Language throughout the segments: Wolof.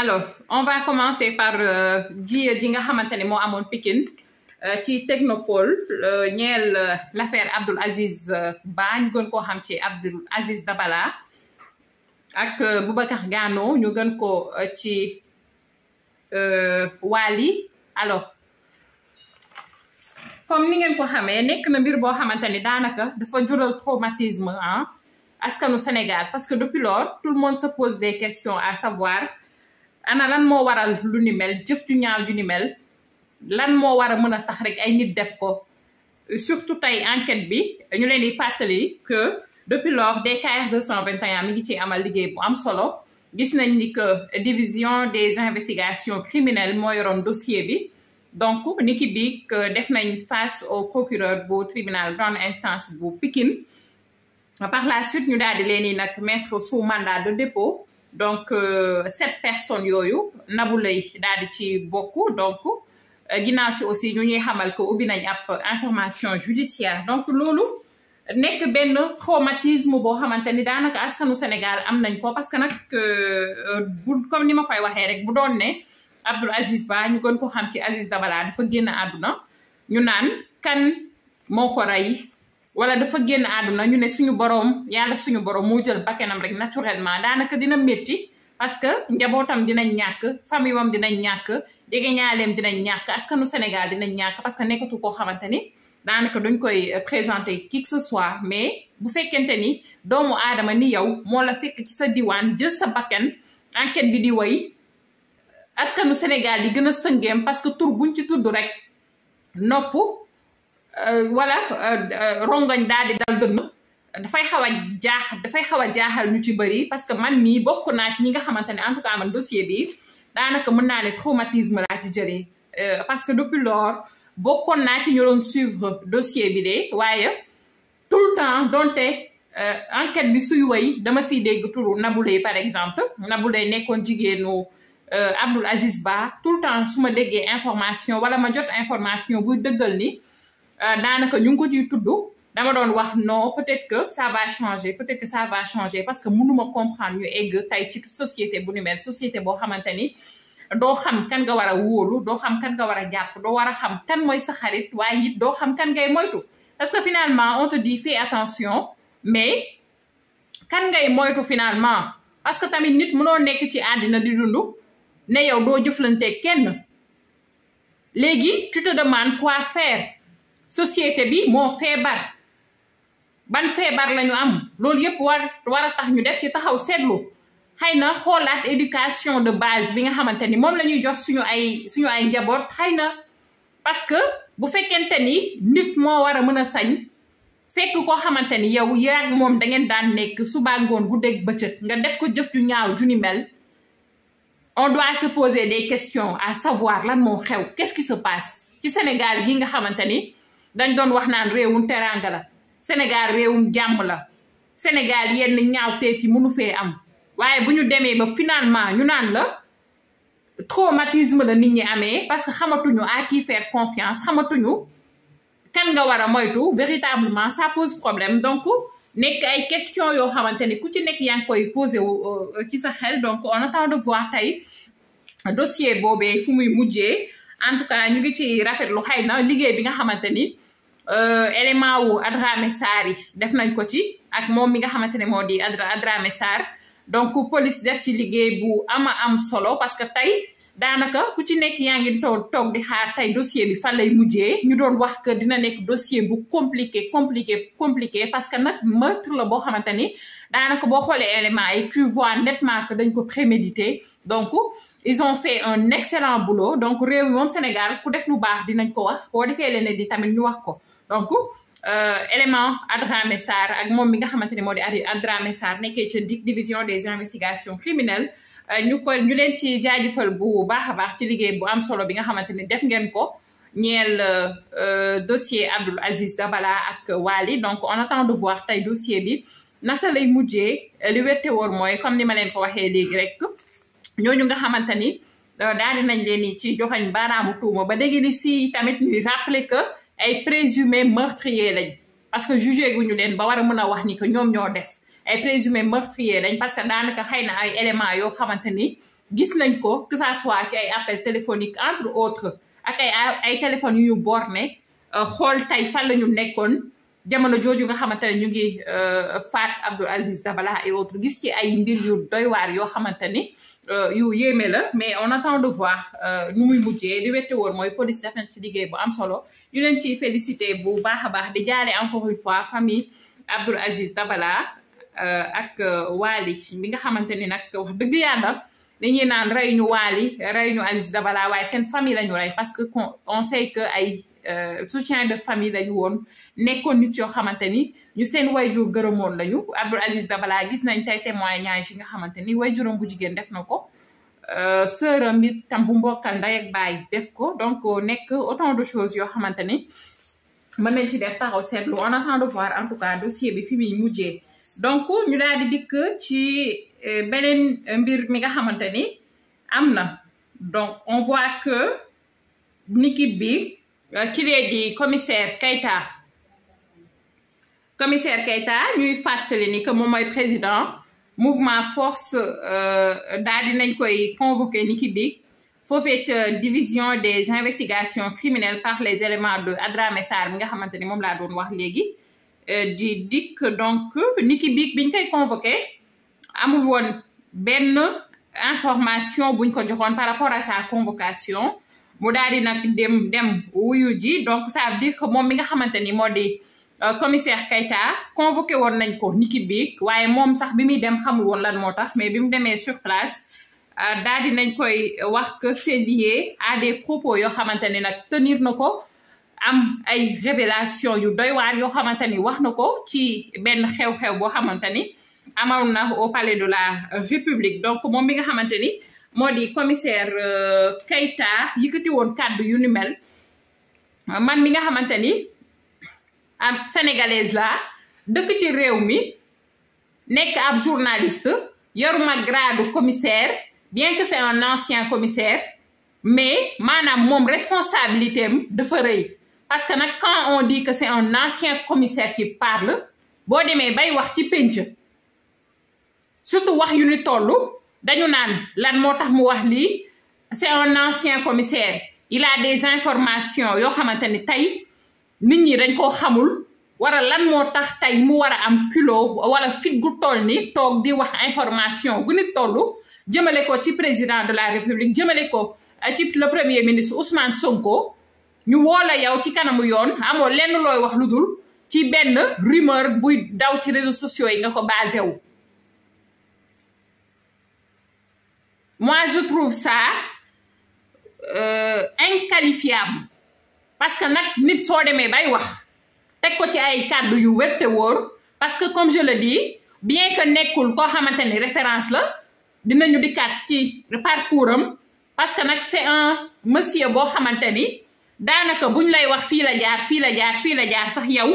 alors on va commencer par euh, jiye ji nga xamante ne moo amoon Pikine euh, ci technopole euh, ñeel l'affaire Abdoul Aziz Ba ñu gën koo xam ci Abdoul Aziz Dabala ak Boubacar Gano ñu gën ko ci Wali alors comme ni ngeen ko xamee nekk na mbir boo xamante ni daanaka dafa jural traumatisme ah askanu Sénégal parce que depuis lors tout le monde se pose des questions à savoir ana lan moo waral lu ni mel jëf ju ñaaw ju ni lan moo war a mën a tax rek ay nit def ko surtout tey enquête bi ñu leen di fàttali que depuis lors DKR 221 mi ngi ci amal liggéey bu am solo gis nañ ni que division des investigations criminelles moo yoroon dossier bi donc ni ki bi def nañ face au procureur bu tribunal grande instance bu pikin par la suite ñu daal di leen nag mettre sous mandat de dépôt donc euh, sept personnes yooyu Nabou Leye daal di ci bokk donc euh, ginnaaw si aussi ñu ñuy xamal ko ubbi nañ ab information judiciaire donc loolu nekk benn traumatisme boo xamante ni daanaka askanu Sénégal am nañ ko parce que nag euh, bu comme ni ma koy waxee rek bu doon ne Abdoul Aziz Ba ñu gën ko xam ci Aziz Dabala dafa génn àdduna ñu naan kan moo wala dafa génn àdduna ñu ne suñu borom yàlla suñu borom moo jël bakkanam rek naturellement daanaka dina métti parce que njabootam dinañ ñàkk famille wam dinañ ñàkk jege ñaaleem dinañ ñàkk askanu Sénégal dinañ ñàkk parce que nekkatu koo xamante ni daanaka duñ koy euh, présenter qui que ce mais bu fekkente ni doomu aadama ni yow moo la fekk ci sa diwaan jël sa bakkan enquête bi di woy askanu Sénégal di gën a sëngeem parce que tur buñ ci tudd rek nopp wala euh, euh, euh, rongoñ daal di dal dënn dafay xaw a jaax dafay xaw a jaaxal ñu ci bëri parce que man mii bokk naa ci ñi nga xamante ne en tout cas dossier bi daanaka mën naa ne traumatisme laa ci jëlee parce que depuis lors bokkoon naa ci ñu doon suivre dossier bi de waaye tout le temps donte enquête bi suy way dama siy dégg turu Naboulaye par exemple Naboulaye nekkoon jigéenu Abdoul Aziz Ba tout le temps su ma déggee information wala ma jot information buy dëggal ni Euh, daanaka ñu ngi ko ciy tudd dama doon wax non peut-être que ça changé changer peut-être que ça va parce que mënuma comprendre ñu egg tey ci société bu ni mel société boo xamante ni doo xam kan nga war a wóolu doo xam kan nga war a jàpp doo war a xam kan mooy sa xarit waaye it doo xam kan ngay moytu parce que finalement on te dit attention mais kan ngay moytu finalement parce que tamit nit mënoo nekk ci àddina di dund ne yow doo jëflante kenn léegi tu te demandes quoi société bi moo feebar ban feebar lañu am loolu yëpp war war a tax ñu def ci taxaw seetlu xëy na xool at éducation de base bi nga xamante ni moom la ñuy jox suñu ay suñu ay njaboot xëy na parce que bu fekkente ni nit moo war a mën a sañ fekk koo xamante ni yow yaag moom da ngeen daan nekk suba ngoon guddeeg bëccëg nga def ko jëf ju ñaaw ju ni mel on doit se poser des question à savoir lan moo xew qu'est-ce qui se passe ci Sénégal gi nga xamante ni dañ doon wax naan réewum teraanga la Sénégal réewum jàmm la Sénégal yenn ñaawteef yi mënu fee am waaye bu ñu demee ba finalement ñu naan la traumatisme la nit ñi amee parce que xamatuñu à qui faire confiance xamatuñu kan nga war a moytu véritablement ça pose problème donc nekk ay question yoo xamante ni ku ci nekk yaa ngi koy posé wu euh, ci sa xel donc on attend de voir tey dossier boobee fu muy mujjee en tout cas ñu ngi ci rafetlu xëy na liggéey bi nga xamante ni élément euh, wu Adrame Sarr yi def nañ ko ci ak moom mi nga xamante ne moo di Adrame Sarr donc police def ci liggéey bu ama am solo parce que tey daanaka ku ci nekk yaa ngi toog toog di xaar tey dossier bi fan lay mujjee ñu doon wax que dina nekk dossier bu compliqué compliqué compliqué parce que nag meurtre la boo xamante ni daanaka boo xoolee éléments yi tu vois nettement dañ ko prémédité donc ils ont fait un excellent boulot donc réew mi moom Sénégal ku def lu baax dinañ ko wax boo defee leneen di tamit ñu wax ko donc euh, élément Adramé Sarr ak moom mi nga xamante ne moo di Adramé Sarr nekkee ca division des investigations criminelles euh, ñu ko ñu leen ci jaajëfal bu baax a baax ci liggéey bu am solo bi nga xamante ne def ngeen ko ñeel euh, dossier Abdoul Aziz bala ak Wali donc on attend de voir tey dossier bi naka lay mujjee li wette woor mooy comme ni ma leen ko waxee léegi rek ñooñu nga xamante ni daal nañ leen ci joxañ baaraamu tuuma ba léegi si tamit ñuy rappeler ay présumé meurtrier lañ parce que jugé guñu leen ba war a mën a wax ni que ñoom ñoo def ay présumé meurtrier lañ parce que daanaka xëy na ay éléments yoo xamante ni gis nañ ko que ça soit ci ay appel téléphonique entre autres ak ay ay téléphones yu ñu borné euh, xool tey fan la ñu nekkoon jamono jooju nga xamante ne ñu ngi euh, faat Abdou Aziz Dabala et autres gis ci ay mbir yu doy yoo xamante ni euh, yu yéeme la mais on attend de voir euh, nu muy mujjee di wette mooy police def ci liggéey bu am solo ñu leen ciy félicité bu baax a baax di jaaree encore une fois famille Abdou Aziz Dabala ak Waly mi nga xamante ni nag wax dëgg yàlla dañuy naan rey ñu Waly rey ñu Aziz Dabala waaye seen famille la ñu parce que on sait que ay Euh, soutien de famille lañu woon nekkoon nit yoo xamante ni ñu seen wayjur gërëmoon lañu Abdoul Aziz Dabala gis nañ tey témoignage yi nga xamante ni wayjuram bu jigéen def na ko euh, sëram bi tam bu mbokkal ndey ak baay def ko donc euh, nekk autant de choses yoo xamante ni mën nañ ci def taxaw seetlu on attend de voir en tout cas dossier bi fi muy mujjee donc ñu daal di dikk ci beneen mbir mi nga xamante ni am na donc on voit que niki bi kilee di commissaire Keita commissaire Keita ñuy fàttali ni que moom mooy président mouvement force euh, daal dinañ koy convoqué ni ki di foofee division des investigations criminelles par les éléments de Adramé Sarr bi nga xamante ni moom laa doon wax léegi euh, di dikk donc ni ki biig biñ koy convoqué amul woon benn information buñ ko joxoon par rapport à sa convocation mu daal di nag dem dem wuyu ji donc sa veut ko que moom mi nga xamante ni moo di euh, commissaire Keita convoqué woon nañ ko niki bi waaye moom sax bi muy dem xamul woon lan moo tax mais bi mu demee sur place euh, daal di nañ koy wax que c'est lié à des propos yoo xamante ni nag tenir na ko am ay révélation yu doy waar yoo xamante ni wax na ko ci benn xew-xew boo xamante ni amoon na au palais de la République donc moom mi nga xamante ni moo di commissaire euh, Keita yëkkati woon kàddu yu ni mel man mi nga xamante ni ab sénégalaise laa dëkk ci réew mi nekk ab journaliste yoruma grade commissaire bien que c'est un ancien commissaire mais maanaam moom responsabilité dafa rëy parce que na quand on dit que c'est un ancien commissaire qui parle boo demee bay wax ci pénc surtout wax yu ni toll dañu naan lan moo tax mu wax lii c'est un ancien commissaire il a des informations yoo xamante ni tey nit ñi dañ koo xamul wala lan moo tax tey mu war a am kilo wala fit gu toll ni toog di wax information gu nit toll jëmale ko ci président de la république jëmale ko eh, ci le premier ministre Ousmane Sonko ñu woo la yow ci kanamu yoon amoo lenn looy wax lu dul ci benn rumeur buy daw ci réseaux sociaux yi nga ko basé wu. moi je trouve ça euh, inqualifiable parce que nag nit soo demee bay wax teg ko ci ay kàddu yu wér te parce que comme je le dis bien que nekkul koo xamante ni référence la dinañu dikkaat ci parcours am parce que nag c'est en monsieur boo xamante ni daanaka buñ lay wax fii la jaar fii la jaar fii la jaar sax yow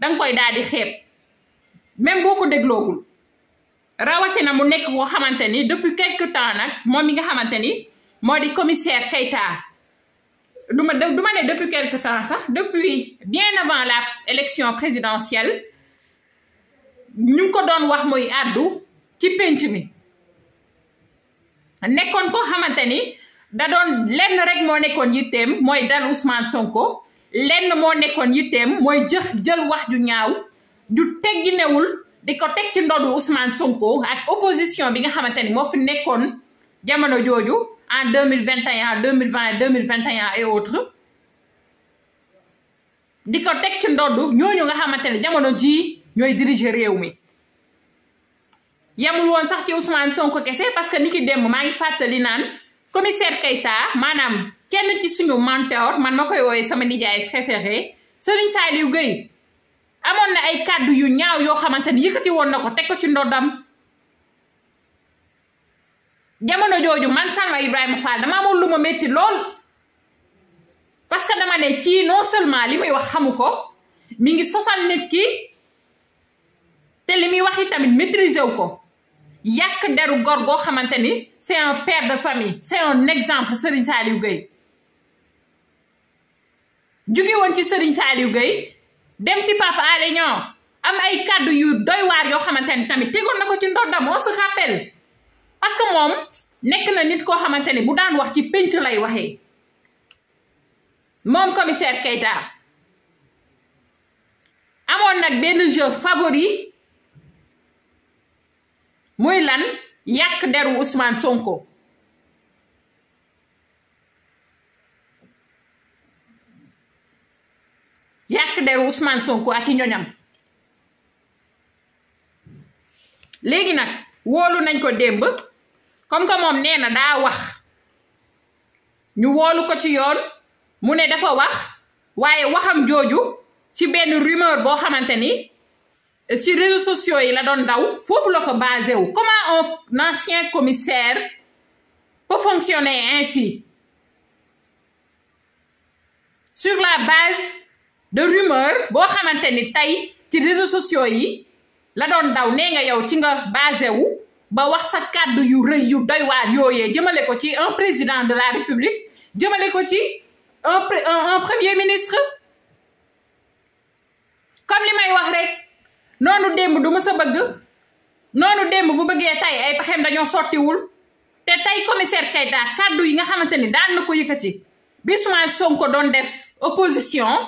da nga koy daal di xeeb même boo ko dégloogul rawatina mu nekk koo xamante ni depuis quelque temps nag moom mi nga xamante ni moo di commissaire Keita duma ma du ma ne depuis quelque temps sax depuis bien avant la élection présidentielle ñu ngi ko doon wax muy àddu ci pénc mi nekkoon koo xamante ni da doon lenn rek moo nekkoon yitteem mooy dal Ousmane Sonko lenn moo nekkoon yitteem mooy jëx jël wax ju ñaaw ju tegginewul di ko teg ci ndodu Ousmane Sonko ak opposition bi nga xamante ni moo fi nekkoon jamono jooju en deux mille vingt deux mille vingt deux mille vingt et un di ko teg ci ndodd ñooñu nga xamante ne jamono jii ñooy diriger réew mi yamul woon sax ci Ousmane Sonko kese parce que ni ki démb maa ngi fàttali naan commissaire Keita maanaam kenn ci suñu mentor man ma koy woowee sama nijaay préféré Serigne Saliou Gueye amoon na ay kàddu yu ñaaw yoo xamante ni yëkkati woon na ko teg ko ci ndoddam jamono jooju man Salma Ibrahima Fall dama amoon lu ma métti lool parce que dama ne kii non seulement li muy wax xamu ko mi ngi sosal nit ki te li muy wax tamit maîtriser wu ko yàq deru góor goo xamante ni c'est un père de famille c'est un exemple Serigne yu Gueye jóge woon ci Serigne yu Gueye dem si Pape Alé Niang am ay kàddu yu doy yoo xamante ni tamit tegoon na ko ci ndoddam on se rappelle parce moom nekk na nit koo xamante ni bu daan wax ci pénc lay waxee moom commissaire Keita amoon nag benn jeu favori muy lan yàq deru Ousmane Sonko yàq de Ousmane Sonko ak i ñoñam léegi nag wóolu nañ ko démb comme que moom nee na daa wax ñu woolu ko ci yoon mu ne dafa wax waaye waxam jooju ci benn rumeur boo xamante ni ci réseaux sociaux yi la doon daw foofu la ko basé wu comment un ancien commissaire peut fonctionner ainsi sur la base de rumeur boo xamante ni tey ci réseaux sociaux yi la doon daw nee nga yow ci nga basé wu ba wax sa kàddu yu rëy yu doy waar yooyee jëmale ko ci un président de la république jëmale ko ci un premier ministre comme li may wax rek noonu démb du ma sa bëgg noonu démb bu bëggee tey ay pexeem dañoo sottiwul te tey commissaire Keita kàddu yi nga xamante ni daal na ko yëkkati bi Ousmane ko doon def opposition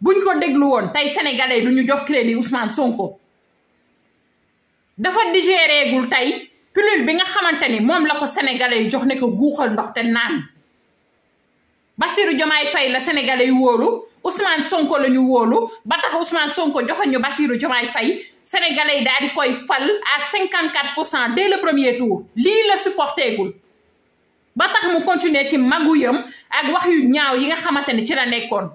buñ ko déglu woon tey sénégalais du ñu jox crédit Ousmane Sonko dafa digéreegul tey pilule bi nga xamante ni moom la ko sénégalais yi jox ne ko guuxal ndox te naan Bassirou Diomaye Faye la sénégalais yu wóolu Ousmane Sonko la ñu wóolu ba tax Ousmane Sonko joxoon ñu Bassirou Diomaye Faye sénégalais yi daal di koy fal à cinquante quatre pour cent dès la premier tour lii la supporté gul ba tax mu continuer ci maguyam ak wax yu ñaaw yi nga xamante ni ci la nekkoon